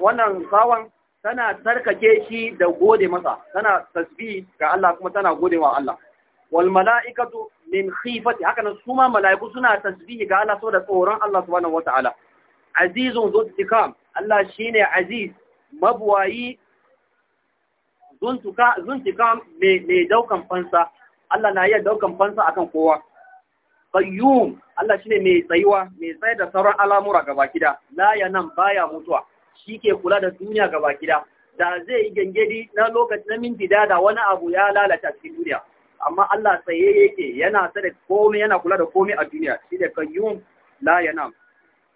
wannan sawan tana tarkake shi da gode masa tana tasbih ga Allah kuma tana gode wa Allah wal mala'ikatu min khifati haka nan suma mala'iku suna tasbihi ga Allah saboda tsoron Allah subhanahu wata'ala azizun zul tikam Allah shine aziz mabwayi tuka mai daukan fansa Allah na iya daukan fansa akan kowa Bayyum, Allah shi ne mai tsayuwa mai tsayar da sauran al'amura gaba gida la ba baya mutuwa shi ke kula da duniya gaba gida da zai yi gangedi na lokaci na minti da da wani abu ya lalata cikin duniya amma Allah tsaye yake yana tsare komai yana kula da komai a duniya shi da kayyum la yanam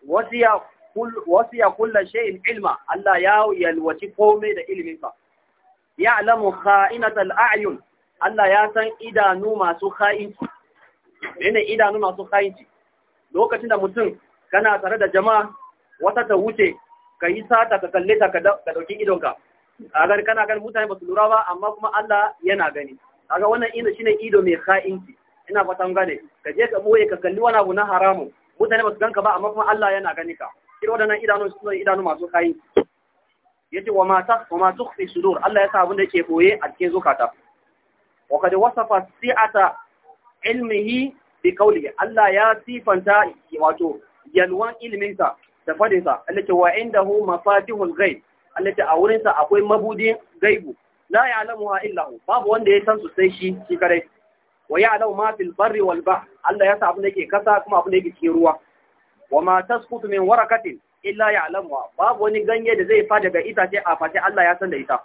wasiya kull wasiya shay'in ilma Allah ya yalwaci komai da ilminsa. ya alamu kha'inatal a'yun Allah ya san idanu masu kha'inci mene idanu masu kha'inci lokacin da mutum kana tare da jama'a wata ta wuce ka yi sata ka kalle ta ka ɗauki idonka kagar kana gani mutane ba su lura ba amma kuma Allah yana gani kaga wannan shi ne ido mai kha'inci ina fatan gane ka je ka boye ka kalli wani abu na haramu mutane ba su ganka ba amma kuma Allah yana gani ka irin waɗannan idanu su idanu masu kha'inci yace wa mata, wa ma tukhfi sudur Allah ya sa abin da yake boye a cikin zukata wa kad wasafa si'ata ilmihi bi qawlihi Allah ya sifanta wato yalwan ilminsa da fadinsa Allah ce wa indahu mafatihul ghaib Allah ce a wurinsa akwai mabudin gaibu la ya'lamuha illa hu babu wanda ya san su sai shi shi kare wa ya'lamu ma fil barri wal bahr Allah ya sa abin da yake kasa kuma abin da yake cikin ruwa wa ma tasqutu min warakatin illa ya ya'lamuha babu wani ganye da zai fa daga itace a face Allah ya san da ita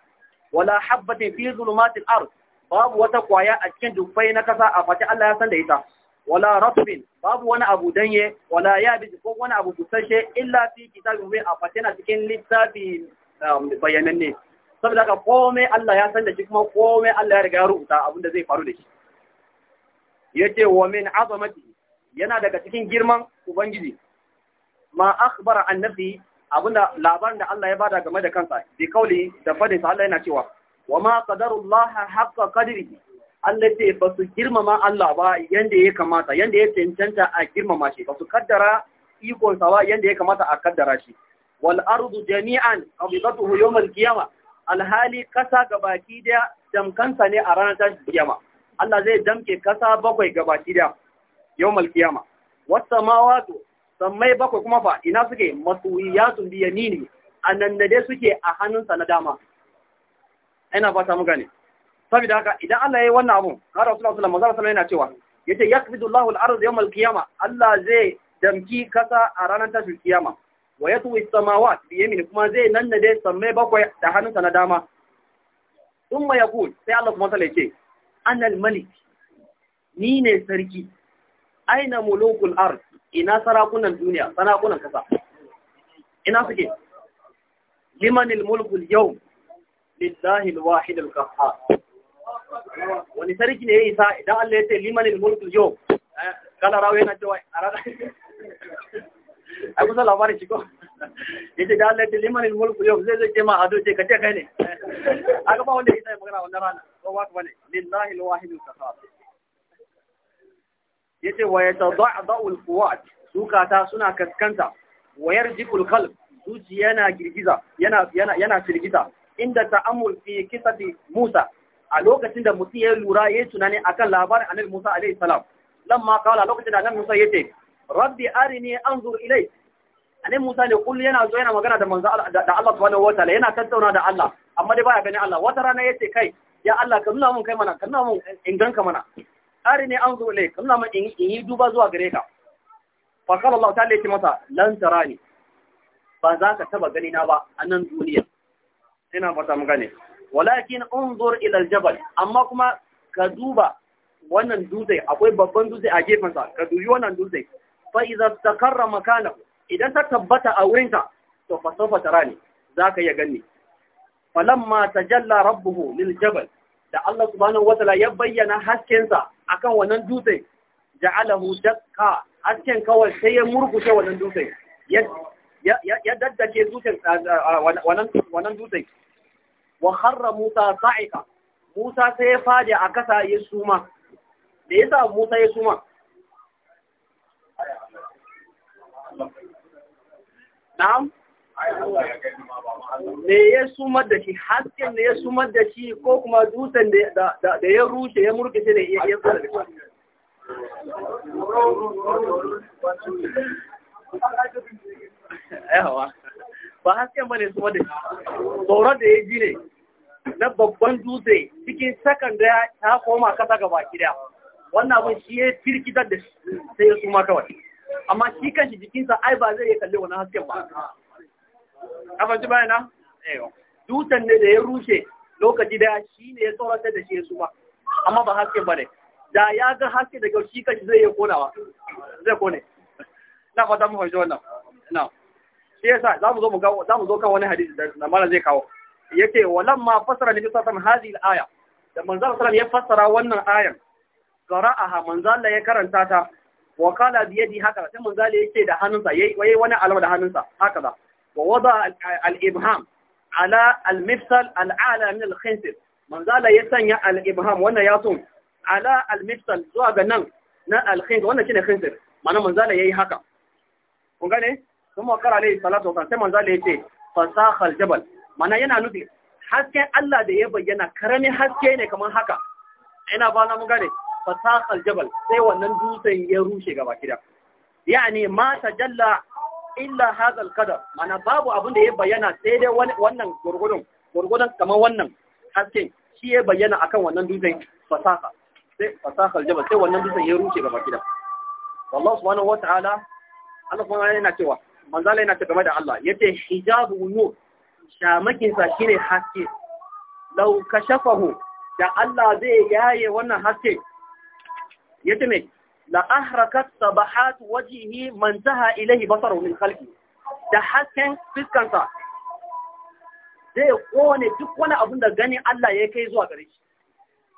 wala habbatin fi zulumatil ard babu wata kwaya a cikin dufai na kasa a face Allah ya san da ita wala ratbin babu wani abu danye wala yabis ko wani abu busashe illa fi kitabin mai a face na cikin littafi um, ne. saboda ka komai Allah ya san da shi kuma komai Allah ya riga ya rubuta abinda zai faru da shi yace wa min azamati yana daga cikin girman ubangiji ma akhbara an nafsi abinda labarin da Allah ya bada game da kansa bi kauli da fadin sa Allah yana cewa wa ma qadarullah haqqa qadrihi Allah ce ba su girmama Allah ba yanda ya kamata yanda ya cancanta a girmama shi ba su kaddara iko sa ba yanda ya kamata a kaddara shi wal ardu jami'an qabidatuhu yawm al qiyamah alhali kasa gabaki daya damkansa ne a ranar tashin kiyama Allah zai damke kasa bakwai gabaki da yawm al qiyamah was sammai bakwai kuma fa ina suke a bi yamini annannade suke a hannunsa na dama ina fata mu mugane saboda haka idan Allah ya yi wannan abun har Rasulullahi sallallahu alaihi wasallam yana cewa yace yakbidu Allahu al-ardh yawm al-qiyamah Allah zai damki kasa a ranar tashin kiyama wa yatwi as-samawat bi yamini kuma zai nannade sammai bakwai da hannunsa na dama thumma yaqul sai Allah kuma sai ya ce ana malik ni ne sarki aina mulukul ard ina sarakunan duniya sarakunan kasa ina suke limanil mulkul yau lillahi alwahid alqahhar wani sarki ne yayi isa idan Allah ya ce limanil mulkul yau kana eh, rawo yana cewa a ai kusa labarin shi ko ya da Allah ya ce limanil mulkul yau zai zai ce ma ado ce ka ce kai ne aka ba wanda ya isa ya magana wannan rana ko wato bane lillahi alwahid alqahhar yace wa yatada'u alquwat sukata suna kaskanta Wayar yarjiku alqalb zuci yana girgiza yana yana yana firgita inda ta'ammul fi kisati Musa a lokacin da mutum ya lura ya tunani akan labarin annabi Musa alaihi salam lamma kawala lokacin da annabi Musa yace rabbi arini anzur ilai annabi Musa ne kullu yana zo yana magana da manzo da Allah subhanahu wataala yana tattauna da Allah amma dai baya gani Allah wata rana yace kai ya Allah ka nuna mun kai mana ka nuna mun in ganka mana arini an zo lai kuma ma in yi duba zuwa gare ka fa qala Allah ta lati masa lan tarani ba za ka taba gani na ba a nan duniya ina fata mu gane walakin unzur ila aljabal amma kuma ka duba wannan dutse akwai babban dutse a gefen sa ka dubi wannan dutse fa idza takarra makanahu idan ta tabbata a wurinka to fa sawfa tarani ka iya gani falamma tajalla rabbuhu lil jabal da Allah subhanahu ta'ala ya bayyana haskensa akan wannan dutse ja'alahu dakka hasken kawai sai ya murkushe wannan dutse ya daddake dutsen wannan dutse wa harra Musa sa'ika Musa sai ya fadi a kasa ya suma da yasa Musa ya suma na'am me ya sumar da shi hasken ne ya sumar da shi ko kuma dutsen da ya rushe ya murkushe da ya tsara da shi yawa ba hasken ba ne sumar da shi tsoron da ya ji ne na babban dutse cikin sakan da ya koma kasa gaba gida wannan abin shi ya firkitar da shi sai ya suma kawai amma shi kan shi jikinsa ai ba zai iya kalli wani hasken ba kafanci bayana Dutan ne da ya rushe lokaci daya shi ne ya tsoratar da shi ya suma amma ba haske ba ne da ya ga haske daga shi kashi zai iya konawa zai kone na fata mu fahimci wannan na shi yasa za mu zo mu ga za mu zo kan wani hadisi da mana zai kawo walam ma fasara ne sallallahu alaihi wasallam hadhihi al-aya da manzo sallallahu ya fasara wannan ayan qara'aha manzo Allah ya karanta ta wa qala bi yadi haka sai manzo ya ce da hannunsa yayi wani alama da hannunsa haka da ووضع الإبهام على المفصل الأعلى من الخنصر من زال يسنع الإبهام وانا يصوم على المفصل زواج نم نا الخنصر وانا شنو خنصر معنى من زال يهي هكا ungane kuma kar alaihi salatu wa sai manzo Allah yace fasakhal jabal mana yana nufi hasken Allah da ya bayyana karamin haske ne kamar haka ina ba na mun fasakhal jabal sai wannan dutsen ya rushe gaba kida yani ma jalla. illa hadal kadar mana babu abin da ya bayyana sai dai wannan gurgurun gurgurun kamar wannan hasken shi ya bayyana akan wannan dutsen fasaha sai fasahar jabal sai wannan dutsen ya rushe gaba gida wallahi subhanahu wataala Allah kuma yana cewa manzala yana game da Allah yace hijabu nur shamakin sa shine haske law kashafahu da Allah zai yaye wannan haske yace me la ahrakat sabahat wajihi man taha ilaihi basaru min halki. da hasken fiskansa zai kone duk wani abun da ganin Allah ya kai zuwa gare shi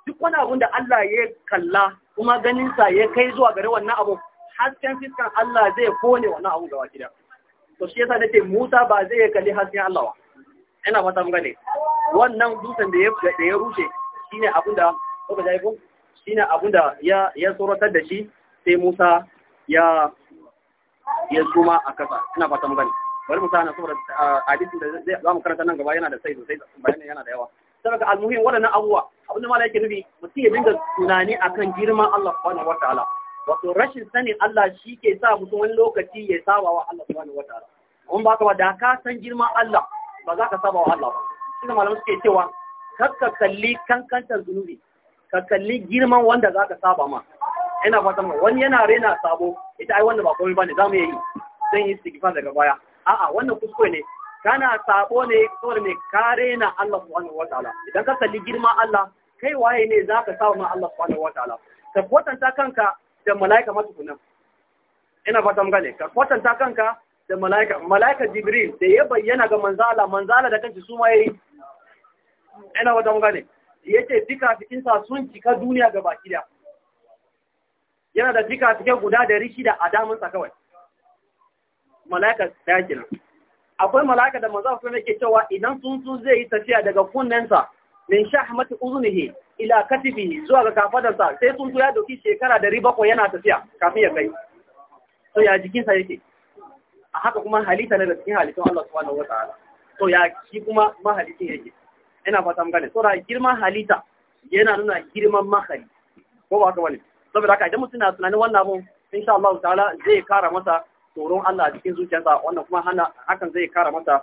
duk wani abun da Allah ya kalla kuma ganinsa ya kai zuwa gare wannan abu hasken fiskan Allah zai kone wannan abu gaba gida to shi yasa nace Musa ba zai kalli hasken Allah ba ina fata mun gane wannan dutsen da ya da ya rushe shine abun da kuka ji shine abun da ya ya tsoratar da shi sai Musa ya ya suma a kasa ina fata mu gani bari mu sana saboda hadisin da za mu karanta nan gaba yana da sai sai bayanin yana da yawa saboda almuhim waɗannan abubuwa abinda mala yake nufi mutum ya dinga tunani akan girman Allah subhanahu wataala wato rashin sanin Allah shi ke sa mutum wani lokaci ya saba wa Allah subhanahu wataala in ba ka da ka san girman Allah ba za ka saba wa Allah ba shi da malamai suke cewa kar ka kalli kankantar zunubi ka kalli girman wanda za ka saba ma ina fatan wani yana rena sabo ita ai wannan ba komai bane zamu yi zan yi sigifa daga baya a'a wannan kuskure ne kana sabo ne saboda ne ka rena Allah subhanahu wataala idan ka kalli girma Allah kai waye ne zaka samu ma Allah subhanahu wataala ka kwatanta kanka da malaika matukunan ina fatan gane ka kwatanta kanka da malaika malaika Jibril da ya bayyana ga manzala manzala da kanki su ma yayi ina fatan gane yace duka cikin sa sun cika duniya gaba ki daya yana da fika-fike guda da rishi da adamunsa kawai Malaka ɗaya kenan akwai Malaka da manzo sallallahu alaihi cewa idan tsuntsu zai yi tafiya daga kunnensa min shahmati uzunihi ila katibi zuwa ga kafadarsa sai tsuntsu ya doki shekara da ko yana tafiya kafin ya kai to ya jikinsa yake a haka kuma halitta ne da cikin halittun Allah subhanahu wataala to ya shi kuma mahalicin yake ina fata mun gane to da girman halitta yana nuna girman mahali ko ba ka wani saboda haka idan mutum na tunanin wannan abun insha Allah ta'ala zai kara masa tsoron Allah a cikin zuciyarsa wannan kuma hana hakan zai kara masa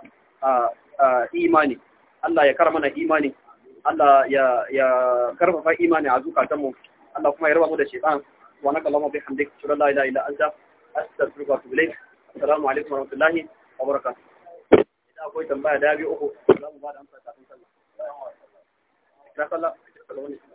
imani Allah ya kara mana imani Allah ya ya karfafa imani a zukatanmu Allah kuma ya raba mu da shaytan wa naka Allahumma bihamdika shukran la ilaha illa anta astaghfiruka wa atubu ilaik assalamu alaikum wa rahmatullahi wa barakatuh idan akwai tambaya da biyu uku za mu ba da amsa kafin sallah